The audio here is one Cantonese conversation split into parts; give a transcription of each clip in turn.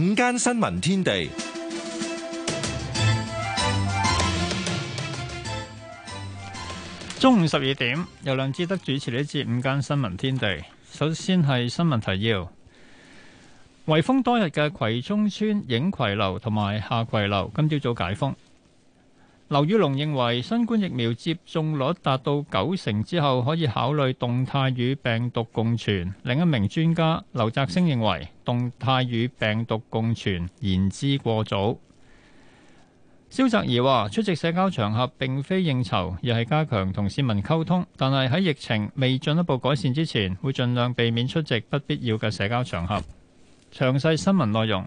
午間新聞天地，中午十二點由梁志德主持呢一節午間新聞天地。首先係新聞提要，圍封多日嘅葵涌村映葵樓同埋夏葵樓，今朝早解封。劉宇龍認為，新冠疫苗接種率達到九成之後，可以考慮動態與病毒共存。另一名專家劉澤星認為，動態與病毒共存言之過早。蕭澤怡話： 出席社交場合並非應酬，而係加強同市民溝通。但係喺疫情未進一步改善之前，會盡量避免出席不必要嘅社交場合。詳細新聞內容，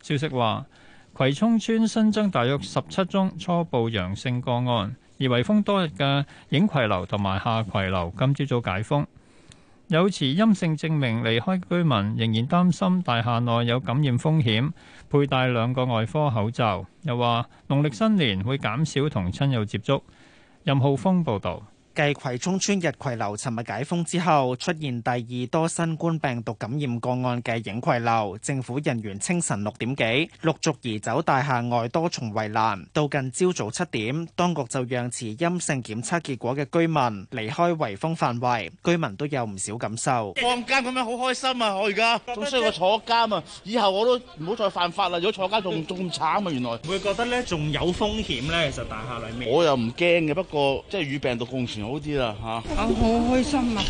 消息話。葵涌村新增大約十七宗初步陽性個案，而圍封多日嘅影葵樓同埋下葵樓今朝早解封。有持陰性證明離開居民仍然擔心大廈內有感染風險，佩戴兩個外科口罩。又話農曆新年會減少同親友接觸。任浩峰報道。繼葵涌村日葵樓尋日解封之後，出現第二多新冠病毒感染個案嘅影葵樓，政府人員清晨六點幾陸續移走大廈外多重圍欄，到近朝早七點，當局就讓持陰性檢測結果嘅居民離開圍封範圍。居民都有唔少感受，放監咁樣好開心啊！我而家，仲衰過坐監啊！以後我都唔好再犯法啦，如果坐監仲仲咁慘啊！原來會覺得咧仲有風險咧，其實大廈裏面，我又唔驚嘅，不過即係與病毒共存。好啲啦吓，我好開心啊！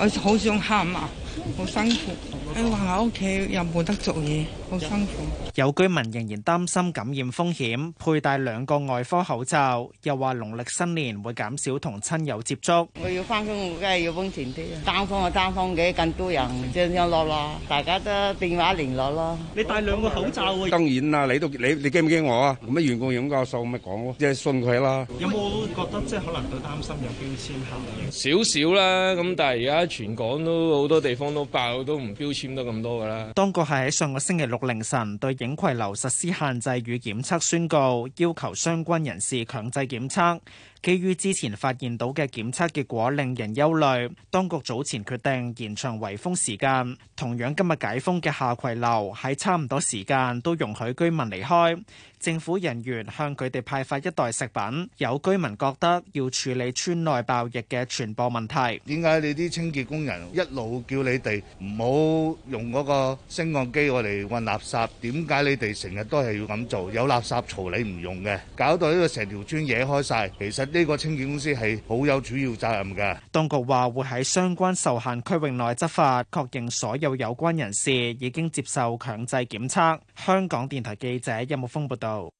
我好想喊啊！好辛苦。 你話：屋企又冇得做嘢，好辛苦。有居民仍然擔心感染風險，佩戴兩個外科口罩。又話農曆新年會減少同親友接觸。我要返工，我梗係要封前啲啊！單方啊，單方嘅更多人，聯絡啦，大家都電話聯絡咯。你戴兩個口罩喎？當然啦，你都你你驚唔驚我啊？咁啊，袁國勇教授咪講咯，即係信佢啦。有冇覺得即係可能佢擔心有標籤客啊？少少啦，咁但係而家全港都好多地方都爆，都唔標籤。都咁多噶啦。當局係喺上個星期六凌晨對影葵樓實施限制與檢測宣告，要求相關人士強制檢測。基於之前發現到嘅檢測結果令人憂慮，當局早前決定延長圍封時間，同樣今日解封嘅下葵樓喺差唔多時間都容許居民離開，政府人員向佢哋派發一袋食品。有居民覺得要處理村內爆疫嘅傳播問題，點解你啲清潔工人一路叫你哋唔好用嗰個升降機我嚟運垃圾？點解你哋成日都係要咁做？有垃圾槽你唔用嘅，搞到呢個成條村嘢開晒。其實。呢個清潔公司係好有主要責任噶。當局話會喺相關受限區域內執法，確認所有有關人士已經接受強制檢測，香港電台記者任木峰報道。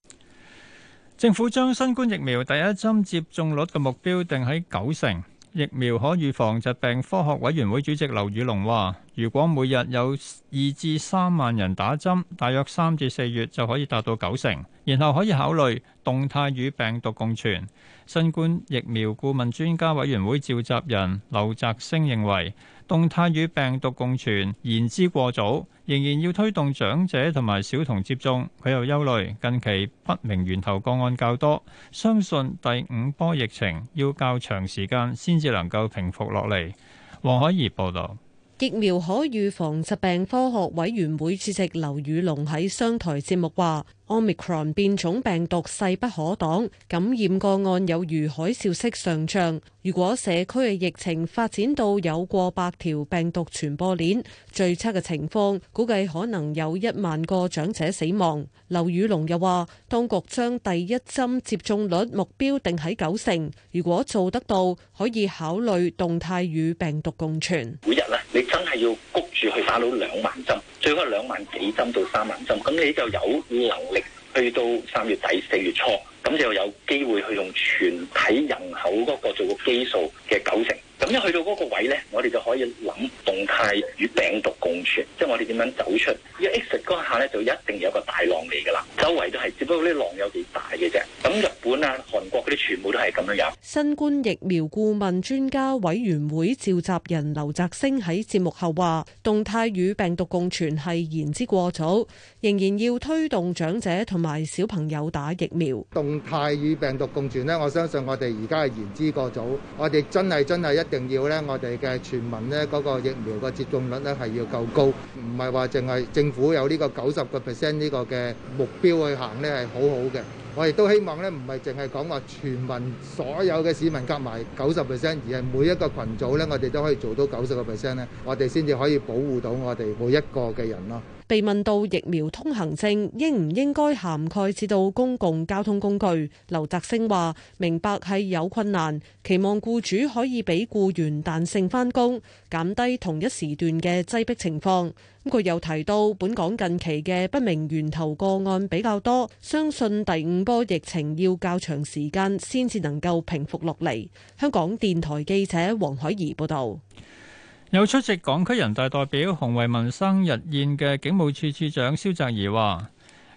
政府將新冠疫苗第一針接種率嘅目標定喺九成，疫苗可預防疾病科學委員會主席劉宇龍話，如果每日有二至三萬人打針，大約三至四月就可以達到九成。然後可以考慮動態與病毒共存。新冠疫苗顧問專家委員會召集人劉澤星認為，動態與病毒共存言之過早，仍然要推動長者同埋小童接種。佢又憂慮近期不明源頭個案較多，相信第五波疫情要較長時間先至能夠平復落嚟。黃海怡報導，疫苗可預防疾病科學委員會主席劉宇龍喺商台節目話。Omicron 變種病毒勢不可擋，感染個案有如海嘯式上漲。如果社區嘅疫情發展到有過百條病毒傳播鏈，最測嘅情況估計可能有一萬個長者死亡。劉宇龍又話，當局將第一針接種率目標定喺九成，如果做得到，可以考慮動態與病毒共存。每日咧，你真係要谷住去打到兩萬針。最多兩萬幾針到三萬針，咁你就有能力去到三月底四月初，咁就有機會去用全體人口嗰個做個基數嘅九成。咁一去到嗰個位咧，我哋就可以諗動態與病毒共存，即係我哋點樣走出。一 exit 嗰下咧，就一定有個大浪嚟噶啦，周圍都係，只不過啲浪有幾大嘅啫。咁日本啊、韓國嗰啲全部都係咁樣樣。新冠疫苗顧問專家委員會召集人劉澤星喺節目後話，動態與病毒共存係言之過早，仍然要推動長者同埋小朋友打疫苗。動態與病毒共存咧，我相信我哋而家係言之過早，我哋真係真係一。一定要咧，我哋嘅全民咧嗰個疫苗個接種率咧係要夠高，唔係話淨係政府有呢個九十個 percent 呢個嘅目標去行咧係好好嘅。我亦都希望咧，唔係淨係講話全民所有嘅市民夾埋九十 percent，而係每一個群組咧，我哋都可以做到九十個 percent 咧，我哋先至可以保護到我哋每一個嘅人咯。被問到疫苗通行證應唔應該涵蓋至到公共交通工具，劉澤星話：明白係有困難，期望僱主可以俾僱員彈性返工，減低同一時段嘅擠迫情況。咁佢又提到，本港近期嘅不明源頭個案比較多，相信第五波疫情要較長時間先至能夠平復落嚟。香港電台記者黃海怡報道。有出席港區人大代表洪為民生日宴嘅警務處處長蕭澤頤，話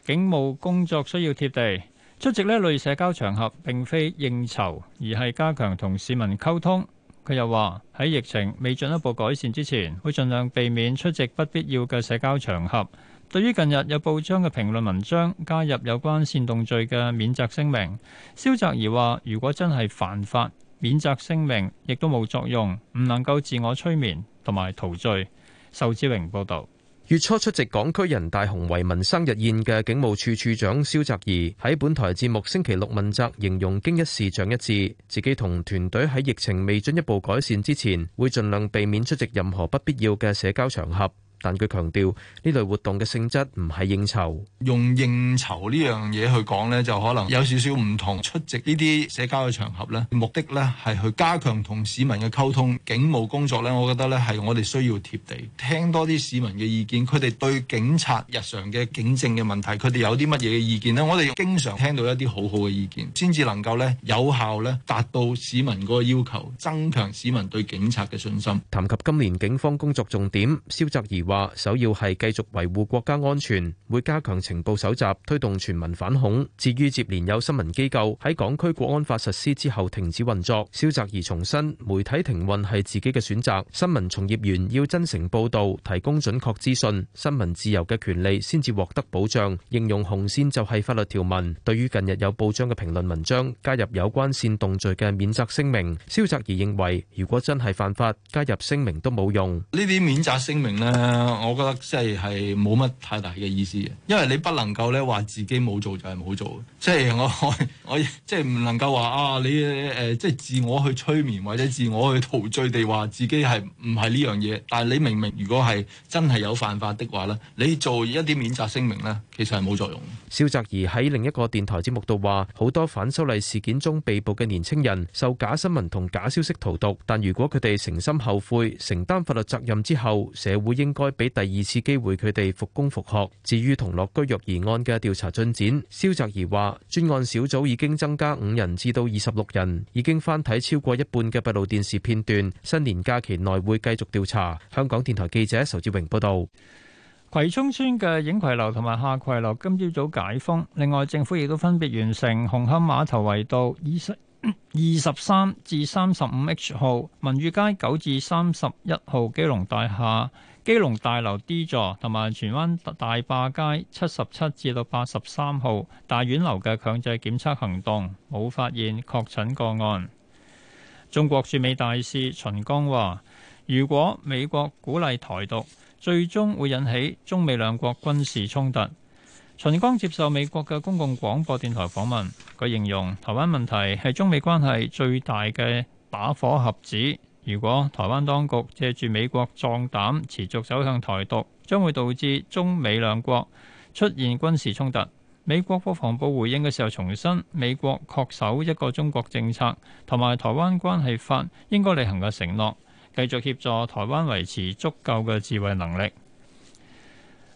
警務工作需要貼地，出席呢類社交場合並非應酬，而係加強同市民溝通。佢又話喺疫情未進一步改善之前，會盡量避免出席不必要嘅社交場合。對於近日有報章嘅評論文章加入有關煽動罪嘅免責聲明，蕭澤頤話如果真係犯法。免責聲明亦都冇作用，唔能夠自我催眠同埋陶醉。仇志榮報道，月初出席港區人大洪為民生日宴嘅警務處處長蕭澤頤喺本台節目星期六問責，形容經一事長一智，自己同團隊喺疫情未進一步改善之前，會盡量避免出席任何不必要嘅社交場合。但佢強調呢類活動嘅性質唔係應酬，用應酬呢樣嘢去講呢，就可能有少少唔同。出席呢啲社交嘅場合呢，目的呢係去加強同市民嘅溝通。警務工作呢，我覺得呢係我哋需要貼地，聽多啲市民嘅意見。佢哋對警察日常嘅警政嘅問題，佢哋有啲乜嘢嘅意見呢？我哋要經常聽到一啲好好嘅意見，先至能夠呢有效呢達到市民嗰個要求，增強市民對警察嘅信心。談及今年警方工作重點，蕭澤儀。話首要係繼續維護國家安全，會加強情報搜集，推動全民反恐。至於接連有新聞機構喺港區國安法實施之後停止運作，蕭澤頤重申媒體停運係自己嘅選擇。新聞從業員要真誠報道，提供準確資訊，新聞自由嘅權利先至獲得保障。應用紅線就係法律條文。對於近日有報章嘅評論文章，加入有關煽動罪嘅免責聲明，蕭澤頤認為如果真係犯法，加入聲明都冇用。呢啲免責聲明呢。我覺得即係冇乜太大嘅意思，因為你不能夠咧話自己冇做就係冇做，即係我我，我即係唔能夠話啊你誒、呃、即係自我去催眠或者自我去陶醉地話自己係唔係呢樣嘢，但係你明明如果係真係有犯法的話呢你做一啲免責聲明呢，其實係冇作用。蕭澤頤喺另一個電台節目度話，好多反修例事件中被捕嘅年輕人受假新聞同假消息荼毒，但如果佢哋誠心後悔、承擔法律責任之後，社會應該。俾第二次機會佢哋復工復學。至於同樂居虐兒案嘅調查進展，蕭澤怡話專案小組已經增加五人至到二十六人，已經翻睇超過一半嘅閉路電視片段。新年假期內會繼續調查。香港電台記者仇志榮報道，葵涌村嘅影葵樓同埋下葵樓今朝早解封，另外政府亦都分別完成紅磡碼頭圍道、以西，二十三至三十五 H 號，文宇街九至三十一號基隆大廈、基隆大樓 D 座同埋荃灣大壩街七十七至到八十三號大院樓嘅強制檢測行動，冇發現確診個案。中國駐美大使秦剛話，如果美國鼓勵台獨，最終會引起中美兩國軍事衝突。秦剛接受美國嘅公共廣播電台訪問，佢形容台灣問題係中美關係最大嘅把火盒子。如果台灣當局借住美國壯膽，持續走向台獨，將會導致中美兩國出現軍事衝突。美國國防部回應嘅時候，重申美國確守一個中國政策同埋台灣關係法應該履行嘅承諾，繼續協助台灣維持足夠嘅自衛能力。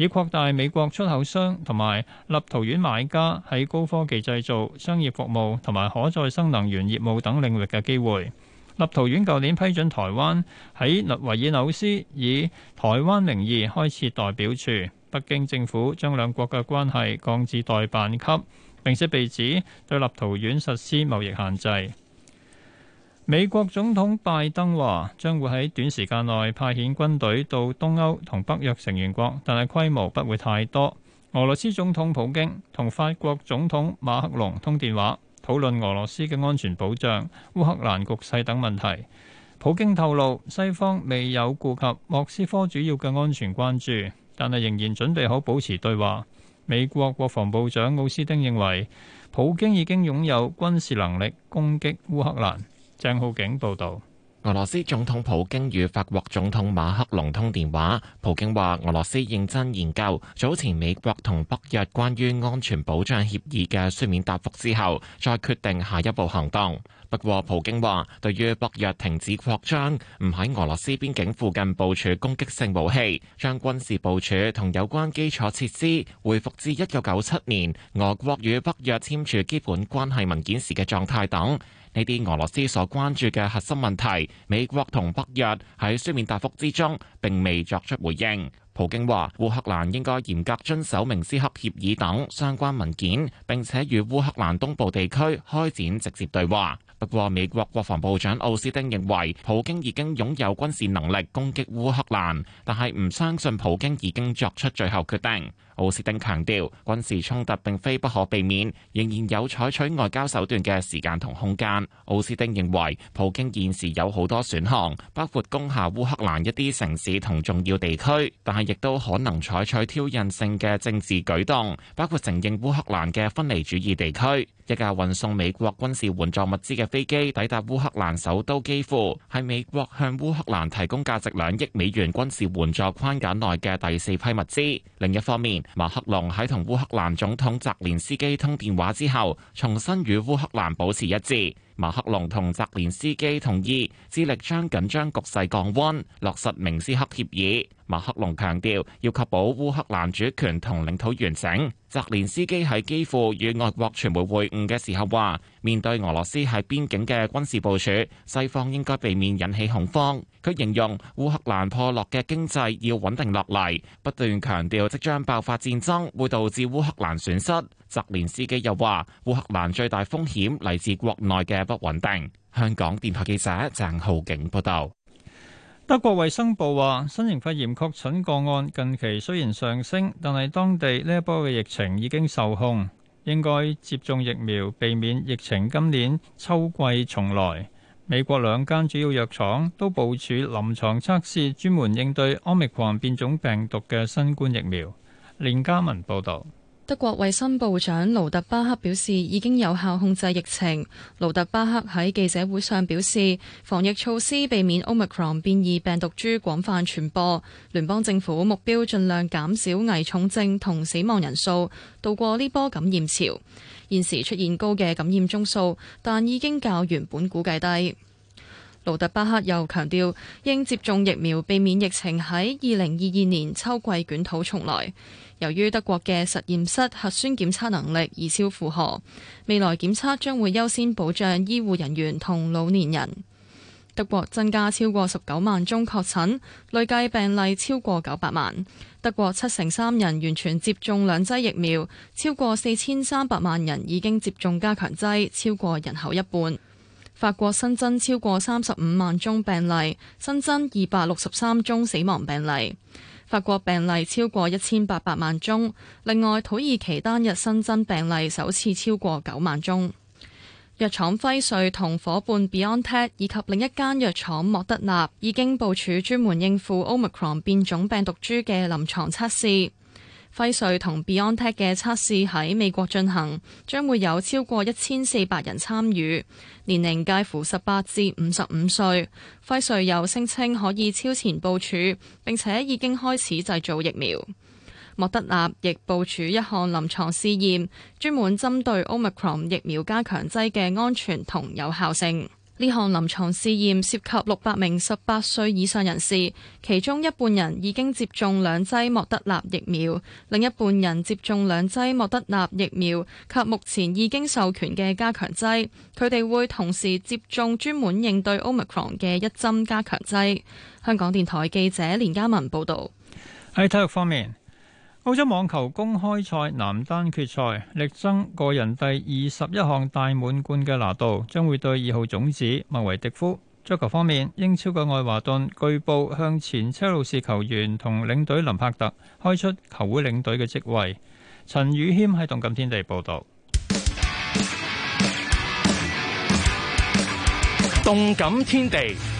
以擴大美國出口商同埋立陶宛買家喺高科技製造、商業服務同埋可再生能源業務等領域嘅機會。立陶宛舊年批准台灣喺維爾紐斯以台灣名義開設代表處。北京政府將兩國嘅關係降至代辦級，並且被指對立陶宛實施貿易限制。美國總統拜登話將會喺短時間內派遣軍隊到東歐同北約成員國，但係規模不會太多。俄羅斯總統普京同法國總統馬克龍通電話，討論俄羅斯嘅安全保障、烏克蘭局勢等問題。普京透露，西方未有顧及莫斯科主要嘅安全關注，但係仍然準備好保持對話。美國國防部長奧斯丁認為，普京已經擁有軍事能力攻擊烏克蘭。鄭浩景報道：俄羅斯總統普京與法國總統馬克龍通電話。普京話：俄羅斯認真研究早前美國同北約關於安全保障協議嘅書面答覆之後，再決定下一步行動。不過，普京話：對於北約停止擴張，唔喺俄羅斯邊境附近部署攻擊性武器，將軍事部署同有關基礎設施回復至一九九七年俄國與北約簽署基本關係文件時嘅狀態等。呢啲俄羅斯所關注嘅核心問題，美國同北約喺書面答覆之中並未作出回應。普京話：烏克蘭應該嚴格遵守明斯克協議等相關文件，並且與烏克蘭東部地區開展直接對話。不過，美國國防部長奧斯汀認為，普京已經擁有軍事能力攻擊烏克蘭，但係唔相信普京已經作出最後決定。奧斯汀強調，軍事衝突並非不可避免，仍然有採取外交手段嘅時間同空間。奧斯汀認為，普京現時有好多選項，包括攻下烏克蘭一啲城市同重要地區，但係亦都可能採取挑釁性嘅政治舉動，包括承認烏克蘭嘅分離主義地區。一架運送美國軍事援助物資嘅飛機抵達烏克蘭首都基輔，係美國向烏克蘭提供價值兩億美元軍事援助框架內嘅第四批物資。另一方面，馬克龍喺同烏克蘭總統澤連斯基通電話之後，重新與烏克蘭保持一致。馬克龍同澤連斯基同意致力將緊張局勢降温，落實明斯克協議。馬克龍強調要確保烏克蘭主權同領土完整。澤連斯基喺基輔與外國傳媒會晤嘅時候話，面對俄羅斯喺邊境嘅軍事部署，西方應該避免引起恐慌。佢形容烏克蘭破落嘅經濟要穩定落嚟，不斷強調即將爆發戰爭會導致烏克蘭損失。澤連斯基又話：烏克蘭最大風險嚟自國內嘅不穩定。香港電台記者鄭浩景報道。德國衛生部話：新型肺炎確診個案近期雖然上升，但係當地呢一波嘅疫情已經受控。應該接種疫苗，避免疫情今年秋季重來。美國兩間主要藥廠都部署臨床測試，專門應對奧密克戎變種病毒嘅新冠疫苗。連加文報道。德國衛生部長盧特巴克表示，已經有效控制疫情。盧特巴克喺記者會上表示，防疫措施避免 omicron 變異病毒株廣泛傳播。聯邦政府目標，盡量減少危重症同死亡人數，渡過呢波感染潮。現時出現高嘅感染宗數，但已經較原本估計低。路德巴克又強調，應接種疫苗，避免疫情喺二零二二年秋季捲土重來。由於德國嘅實驗室核酸檢測能力已超負荷，未來檢測將會優先保障醫護人員同老年人。德國增加超過十九萬宗確診，累計病例超過九百萬。德國七成三人完全接種兩劑疫苗，超過四千三百萬人已經接種加強劑，超過人口一半。法國新增超過三十五萬宗病例，新增二百六十三宗死亡病例。法國病例超過一千八百萬宗。另外，土耳其單日新增病例首次超過九萬宗。藥廠輝瑞同伙伴 BioNTech 以及另一間藥廠莫德納已經部署專門應付 Omicron 變種病毒株嘅臨牀測試。輝瑞同 BioNTech 嘅測試喺美國進行，將會有超過一千四百人參與，年齡介乎十八至五十五歲。輝瑞又聲稱可以超前部署，並且已經開始製造疫苗。莫德納亦部署一項臨床試驗，專門針對 Omicron 疫苗加強劑嘅安全同有效性。呢項臨床試驗涉及六百名十八歲以上人士，其中一半人已經接種兩劑莫德納疫苗，另一半人接種兩劑莫德納疫苗及目前已經授權嘅加強劑，佢哋會同時接種專門應對 Omicron 嘅一針加強劑，香港電台記者連嘉文報道。喺體育方面。澳洲網球公開賽男單決賽，力爭個人第二十一項大滿貫嘅拿度將會對二號種子麥維迪夫。足球方面，英超嘅愛華頓據報向前車路士球員同領隊林柏特開出球會領隊嘅職位。陳宇謙喺動感天地報道。動感天地。報導動感天地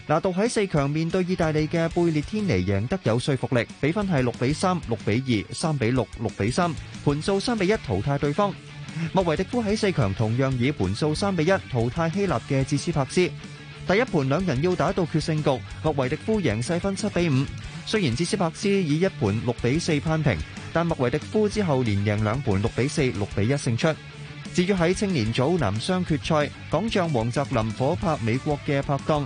拿度喺四強面對意大利嘅貝列天尼，贏得有說服力，比分係六比三、六比二、三比六、六比三，盤數三比一淘汰對方。莫維迪夫喺四強同樣以盤數三比一淘汰希臘嘅智斯帕斯。第一盤兩人要打到決勝局，莫維迪夫贏細分七比五。雖然智斯帕斯以一盤六比四攀平，但莫維迪夫之後連贏兩盤六比四、六比一勝出。至於喺青年組男雙決賽，港將黃澤林火拍美國嘅拍檔。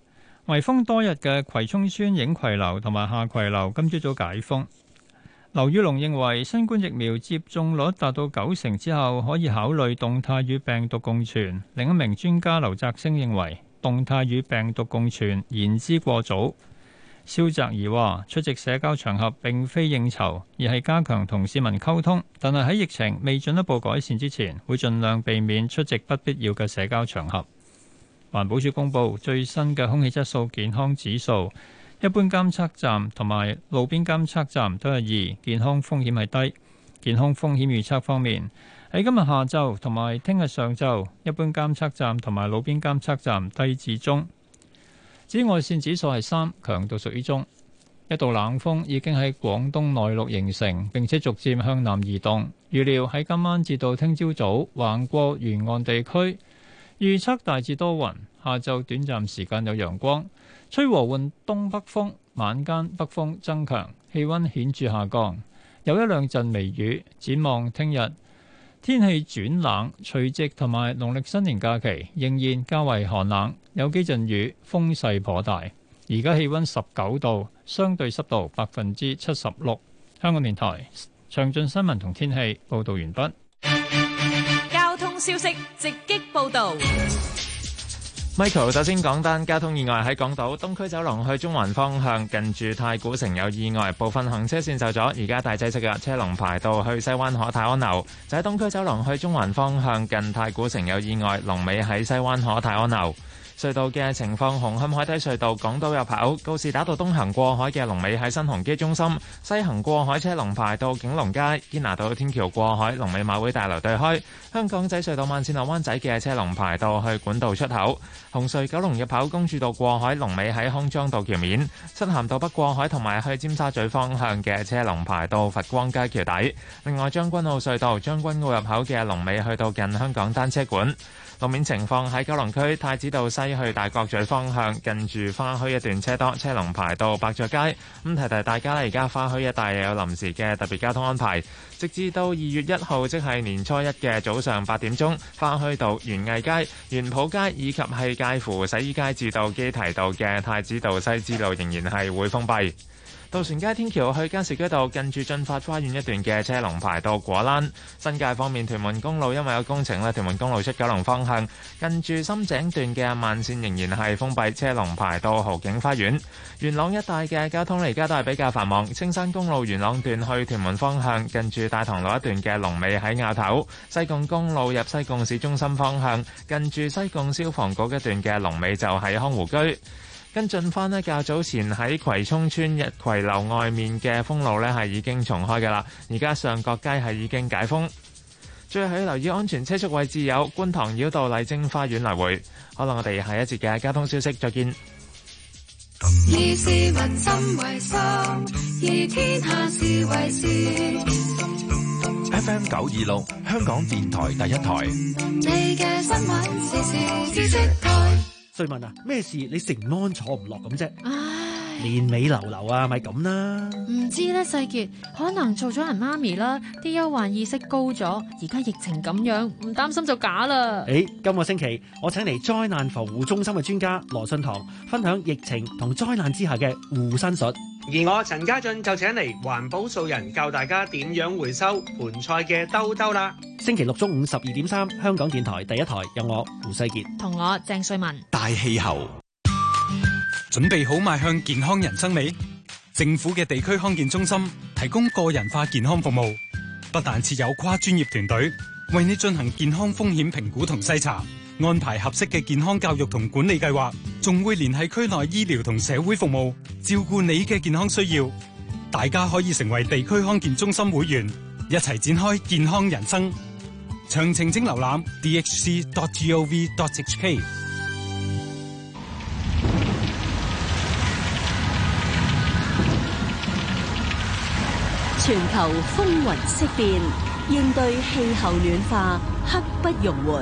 圍封多日嘅葵涌村影葵樓同埋下葵樓今朝早，早解封。劉宇龍認為，新冠疫苗接種率達到九成之後，可以考慮動態與病毒共存。另一名專家劉澤星認為，動態與病毒共存言之過早。蕭澤怡話：出席社交場合並非應酬，而係加強同市民溝通。但係喺疫情未進一步改善之前，會盡量避免出席不必要嘅社交場合。環保署公布最新嘅空氣質素健康指數，一般監測站同埋路邊監測站都係二，健康風險係低。健康風險預測方面，喺今日下晝同埋聽日上晝，一般監測站同埋路邊監測站低至中。紫外線指數係三，強度屬於中。一道冷鋒已經喺廣東內陸形成，並且逐漸向南移動。預料喺今晚至到聽朝早，早橫過沿岸地區。預測大致多雲，下晝短暫時間有陽光，吹和緩東北風，晚間北風增強，氣温顯著下降，有一兩陣微雨。展望聽日天，天氣轉冷，除夕同埋農曆新年假期仍然較為寒冷，有幾陣雨，風勢頗大。而家氣温十九度，相對濕度百分之七十六。香港電台詳盡新聞同天氣報道完畢。消息直擊報道，Michael，首先講單交通意外，喺港島東區走廊去中環方向，近住太古城有意外，部分行車線受阻，而家大擠塞噶，車龍排到去西灣河太安樓。就喺東區走廊去中環方向，近太古城有意外，龍尾喺西灣河太安樓。隧道嘅情況：紅磡海底隧道港島入口告士打道東行過海嘅龍尾喺新鴻基中心；西行過海車龍排到景隆街；堅拿道天橋過海龍尾馬會大樓對開；香港仔隧道慢線落灣仔嘅車龍排到去管道出口；紅隧九龍入口公主道過海龍尾喺康莊道橋面；漆咸道北過海同埋去尖沙咀方向嘅車龍排到佛光街橋底。另外，將軍澳隧道將軍澳入口嘅龍尾去到近香港單車館。路面情況喺九龍區太子道西去大角咀方向，近住花墟一段車多，車龍排到白爵街。咁提提大家咧，而家花墟一帶有臨時嘅特別交通安排，直至到二月一號，即係年初一嘅早上八點鐘，花墟道、園藝街、園圃街以及係介乎洗衣街至到基堤道嘅太子道西支路仍然係會封閉。渡船街天橋去加士居道，近住進發花園一段嘅車龍排到果欄。新界方面，屯門公路因為有工程咧，屯門公路出九龍方向，近住深井段嘅慢線仍然係封閉，車龍排到豪景花園。元朗一帶嘅交通而家都係比較繁忙。青山公路元朗段去屯門方向，近住大棠路一段嘅龍尾喺亞頭。西貢公路入西貢市中心方向，近住西貢消防局一段嘅龍尾就喺匡湖居。跟進翻呢，較早前喺葵涌村日葵樓外面嘅封路呢係已經重開嘅啦。而家上角街係已經解封。最後要留意安全車速位置有觀塘繞道麗晶花園來回。好啦，我哋下一節嘅交通消息再見。以市民心為心，以天下事為事。F M 九二六，香港電台第一台。你嘅新聞時事知識台。衰問啊，咩事你食唔安坐唔落咁啫？唉，年尾流流啊，咪咁啦。唔知咧，細杰可能做咗人媽咪啦，啲憂患意識高咗，而家疫情咁樣，唔擔心就假啦。誒、欸，今個星期我請嚟災難防護中心嘅專家羅信堂分享疫情同災難之下嘅護身術。而我陳家俊就請嚟環保素人教大家點樣回收盆菜嘅兜兜啦。星期六中午十二點三，香港電台第一台有我胡世杰同我鄭瑞文。大氣候，準備好邁向健康人生未？政府嘅地區康健中心提供個人化健康服務，不但設有跨專業團隊，為你進行健康風險評估同篩查。安排合適嘅健康教育同管理計劃，仲會聯繫區內醫療同社會服務，照顧你嘅健康需要。大家可以成為地區康健中心會員，一齊展開健康人生。詳情請瀏覽 dhc.gov.hk。全球風雲色變，應對氣候暖化，刻不容緩。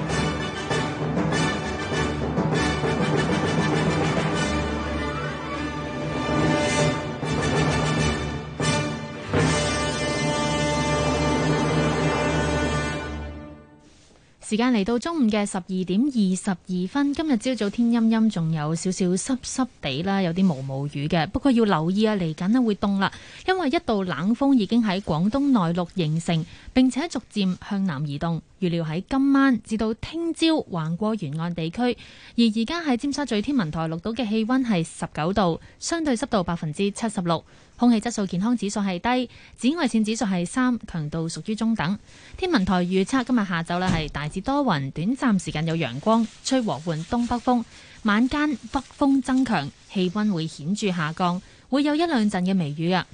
時間嚟到中午嘅十二點二十二分。今日朝早天陰陰，仲有少少濕濕地啦，有啲毛毛雨嘅。不過要留意啊，嚟緊呢會凍啦，因為一道冷鋒已經喺廣東內陸形成，並且逐漸向南移動。預料喺今晚至到聽朝橫過沿岸地區，而而家喺尖沙咀天文台錄到嘅氣溫係十九度，相對濕度百分之七十六，空氣質素健康指數係低，紫外線指數係三，強度屬於中等。天文台預測今日下晝呢係大致多雲，短暫時間有陽光，吹和緩東北風，晚間北風增強，氣溫會顯著下降，會有一兩陣嘅微雨啊！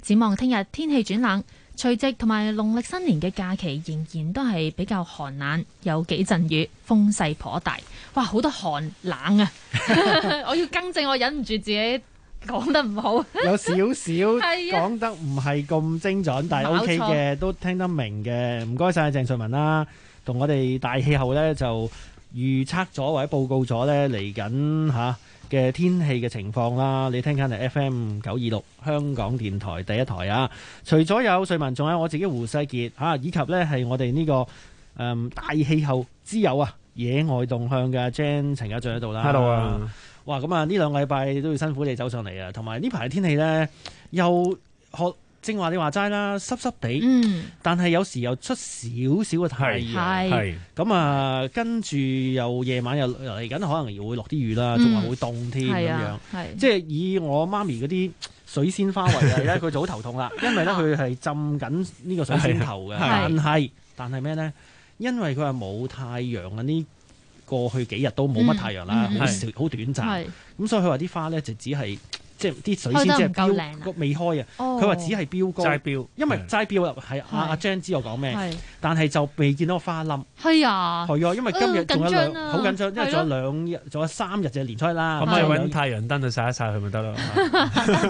展望聽日天氣轉冷。除夕同埋農曆新年嘅假期仍然都係比較寒冷，有幾陣雨，風勢頗大。哇，好多寒冷啊！ 我要更正，我忍唔住自己講得唔好， 有少少講得唔係咁精準，但係 OK 嘅，冇錯，都聽得明嘅。唔該晒鄭順文啦、啊，同我哋大氣候呢就。預測咗或者報告咗咧嚟緊嚇嘅天氣嘅情況啦，你聽緊係 FM 九二六香港電台第一台啊！除咗有瑞文，仲有我自己胡世傑嚇，以及咧係我哋呢、呢個誒、嗯、大氣候之友啊，野外動向嘅 Jan 陳家俊喺度啦，Hello 啊！Hello. 哇，咁啊呢兩個禮拜都要辛苦你走上嚟啊！同埋呢排嘅天氣咧又學。正話你話齋啦，濕濕地，但係有時又出少少嘅太陽，咁啊跟住又夜晚又嚟緊，可能又會落啲雨啦，仲話會凍添咁樣，啊、即係以我媽咪嗰啲水仙花為例咧，佢就好頭痛啦，因為咧佢係浸緊呢個水仙頭嘅， 是但係但係咩咧？因為佢係冇太陽啊，呢過去幾日都冇乜太陽啦，好好、嗯、短暫，咁是所以佢話啲花咧就只係。即係啲水仙即係標，個未開啊！佢話只係標高，齋標，因為齋標又係阿阿張知我講咩？但係就未見到個花冧。係啊，係啊，因為今日仲有兩，好緊張，因為仲有兩，仲有三日就年春啦。咁唔可以揾太陽燈去曬一曬佢咪得咯？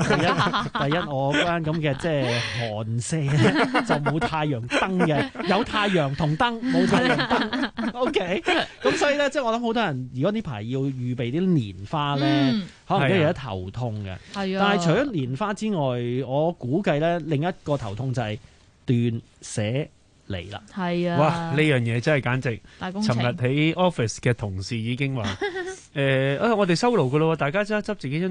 第一，第一我嗰間咁嘅即係寒舍就冇太陽燈嘅，有太陽同燈冇太陽燈。O K，咁所以咧，即係我諗好多人如果呢排要預備啲年花咧。可能都有啲頭痛嘅，啊、但係除咗年花之外，啊、我估計咧另一個頭痛就係斷捨離啦。係啊，哇！呢樣嘢真係簡直大工程，尋日喺 office 嘅同事已經話：誒啊、 呃哎，我哋收爐㗎啦，大家即刻執自己張。